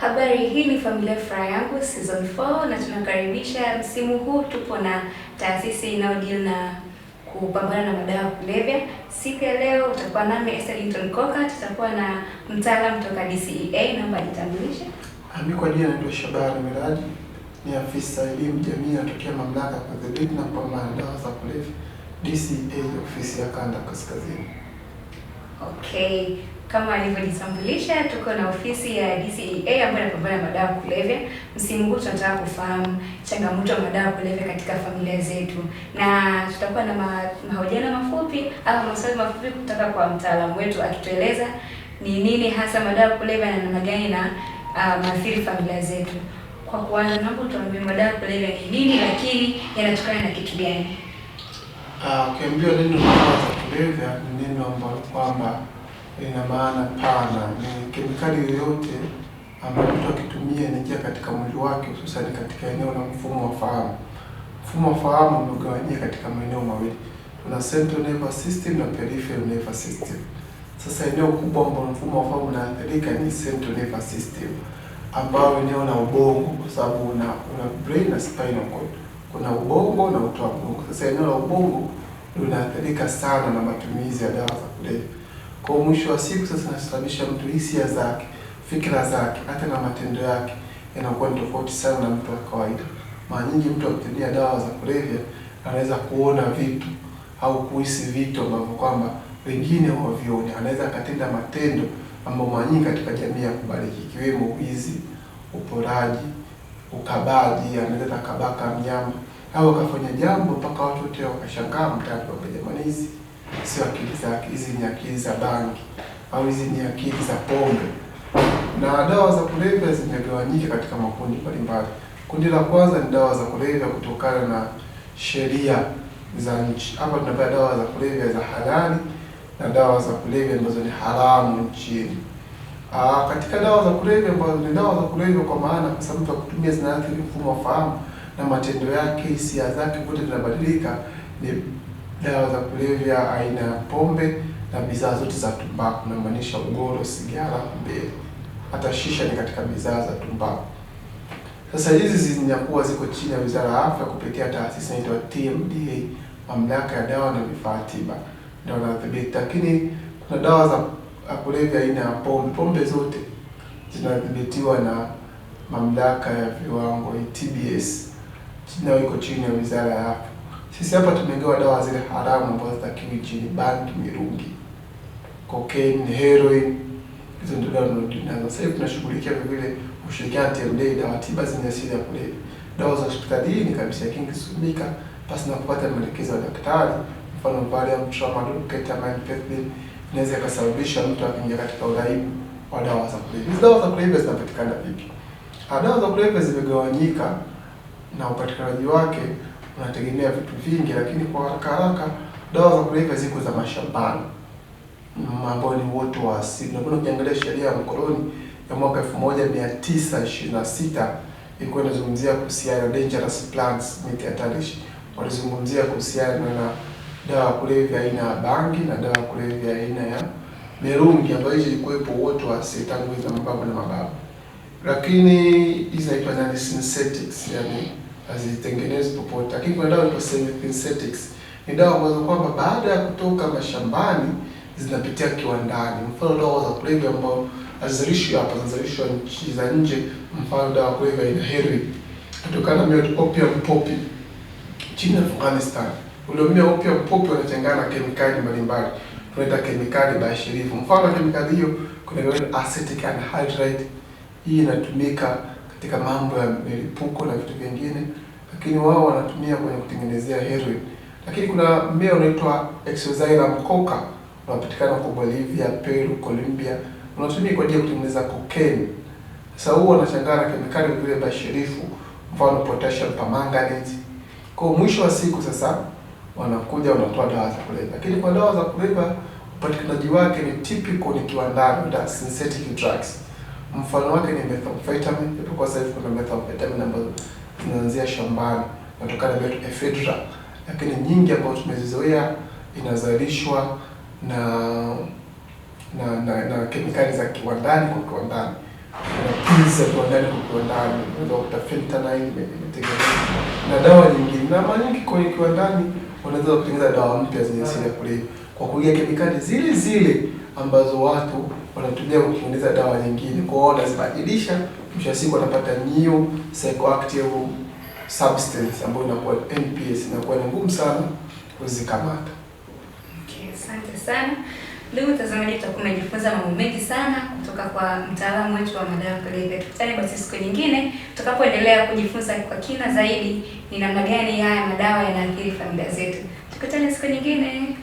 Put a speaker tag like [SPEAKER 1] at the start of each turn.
[SPEAKER 1] Habari, hii ni Familia Furaha Yangu season 4 na tunakaribisha. Msimu huu tupo na taasisi inayodeal na kupambana na madawa ya kulevya. Siku ya leo utakuwa nami Esther Linton Koka, tutakuwa na mtaalamu kutoka DCEA. Naomba jitambulishe.
[SPEAKER 2] Ah, mi kwa jina naitwa Shabani Miraji, ni afisa elimu jamii natokea mamlaka ya kudhibiti na kupambana na dawa za kulevya DCEA, ofisi ya kanda kaskazini.
[SPEAKER 1] Okay, kama alivyojitambulisha, tuko na ofisi ya DCEA ambayo inapambana na madawa kulevya. Msimu huu tunataka kufahamu changamoto ya madawa kulevya katika familia zetu, na tutakuwa na mahojiano mafupi au maswali mafupi kutoka kwa mtaalamu wetu akitueleza ni nini hasa madawa kulevya na namna gani na uh, maathiri familia zetu. Kwa kuanza, naomba tuambie madawa kulevya ni nini, lakini yanatokana na kitu gani?
[SPEAKER 2] Ah, ukiambiwa neno madawa kulevya ni neno ambalo kwamba ina maana pana. Ni kemikali yoyote ambayo mtu akitumia inaingia katika mwili wake, hususan katika eneo la mfumo wa fahamu. Mfumo wa fahamu umegawanyika katika maeneo mawili, tuna central nervous system na peripheral nervous system. Sasa eneo kubwa ambalo mfumo wa fahamu unaathirika ni central nervous system, ambao eneo na ubongo, kwa sababu una, una brain na spinal cord, kuna ubongo na utoa ubongo. Sasa eneo la ubongo linaathirika sana na matumizi ya dawa za kulevya. Kwa mwisho wa siku sasa nasababisha mtu hisia zake, fikra zake, hata na matendo yake yanakuwa ni tofauti sana na mtu wa kawaida. Mara nyingi mtu akitumia dawa za kulevya anaweza kuona vitu au kuhisi vitu ambavyo kwamba wengine hawavioni. Anaweza akatenda matendo ambayo mara nyingi katika jamii ya kubariki, ikiwemo wizi, uporaji, ukabaji, anaweza kabaka mnyama au akafanya jambo mpaka watu wote wakashangaa mtaani, jamani hizi sio akili za Hizi ni akili za bangi au hizi ni akili za pombe na dawa za kulevya zimegawanyika katika makundi mbalimbali. Kundi la kwanza ni dawa za kulevya kutokana na sheria za nchi. Hapa tunapata dawa za kulevya za halali na dawa za kulevya ambazo ni haramu nchini. Ah, katika dawa za kulevya ambazo ni dawa za kulevya kwa maana kwa sababu kutumia zinaathiri mfumo wa fahamu na matendo yake, hisia zake, vyote vinabadilika, ni dawa za kulevya aina ya pombe na bidhaa zote za tumbaku, namaanisha ugoro, sigara, mbele hata shisha ni katika bidhaa za tumbaku. Sasa hizi zinakuwa ziko chini ya Wizara ya Afya kupitia taasisi inaitwa TMDA, Mamlaka ya Dawa na Vifaa Tiba, ndio wanadhibiti. Lakini kuna dawa za kulevya aina ya pombe, pombe zote zinadhibitiwa na Mamlaka ya Viwango, TBS, nayo iko chini ya Wizara ya Afya. Sisi hapa tumegawa dawa zile haramu ambazo zitakiwi nchini, bangi, mirungi, cocaine, heroin. Hizo ndio dawa tunazo. Sasa hivi tunashughulikia kwa vile ushirikiano TMDA, dawa tiba zenye asili ya kulevya, dawa za hospitalini kabisa, kingi kisumika pasi na kupata maelekezo ya daktari, mfano Valium, Tramadol, Ketamine, Pethidine, inaweza ikasababisha mtu akiingia katika uraibu wa dawa za kulevya. Hizi dawa za kulevya zinapatikana vipi? Ah, dawa za kulevya zimegawanyika na upatikanaji wake unategemea vitu vingi, lakini kwa haraka haraka dawa za kulevya ziko za mashambani ambao ni uoto wa asili. Na kuna ukiangalia sheria ya mkoloni ya mwaka 1926 ilikuwa inazungumzia kuhusiana na dangerous plants, miti hatarishi. Walizungumzia kuhusiana na dawa ya kulevya aina ya bangi na dawa ya kulevya aina ya mirungi ambayo hizi ilikuwepo uoto wa asili tangu hizo mababu na mababu, lakini hizi naitwa nani, synthetics yani hazitengenezwi popote, lakini kuna dawa kwa synthetics ni dawa ambazo kwamba baada ya kutoka mashambani zinapitia kiwandani. Mfano dawa za kulevya ambazo hazizalishwi hapa, zinazalishwa nchi za nje. Mfano dawa kulevya ina heroin kutokana na opium poppy chini ya Afghanistan. Ule Uliomia opium poppy unatengana kemikali mbalimbali, tunaita kemikali bashirifu. Mfano kemikali hiyo kuna acetic anhydride, hii inatumika katika mambo ya milipuko na vitu vingine, lakini wao wanatumia kwenye kutengenezea heroin. Lakini kuna mmea unaitwa Exozyma mkoka, unapatikana kwa Bolivia, Peru, Colombia, unatumia kwa ajili ya kutengeneza cocaine. Sasa huo wanachanganya kemikali vile bashirifu, mfano potassium permanganate. Kwa mwisho wa siku sasa wanakuja wanatoa dawa za kulevya, lakini kwa dawa za kulevya upatikanaji wake ni typical, ni kiwandani, synthetic drugs. Mfano wake ni methamphetamine. ipo Kwa sasa kuna methamphetamine ambazo zinaanzia shambani kutokana na vitu ephedra, lakini nyingi ambayo tumezizoea inazalishwa na na na, na na kemikali za kiwandani kwa kiwandani na pills za kiwandani kwa kiwandani, unaweza kukuta fentanyl imetengenezwa na dawa nyingine, na mara nyingi kwenye kiwandani wanaweza kutengeneza dawa mpya zenye asili ya kulevya kwa kuingia kemikali zile zile ambazo watu wanatumia kutengeneza dawa nyingine. Kwa hiyo wanazibadilisha, mwisho wa siku wanapata new psychoactive substance ambayo inakuwa NPS, inakuwa ni ngumu sana kuzikamata.
[SPEAKER 1] Okay, asante sana ndugu mtazamaji, tutakuwa tumejifunza mambo mengi sana kutoka kwa mtaalamu wetu wa madawa kulevya. Tukutane basi siku nyingine tutakapoendelea kujifunza kwa kina zaidi ni namna gani haya madawa yanaathiri familia zetu. Tukutane siku nyingine.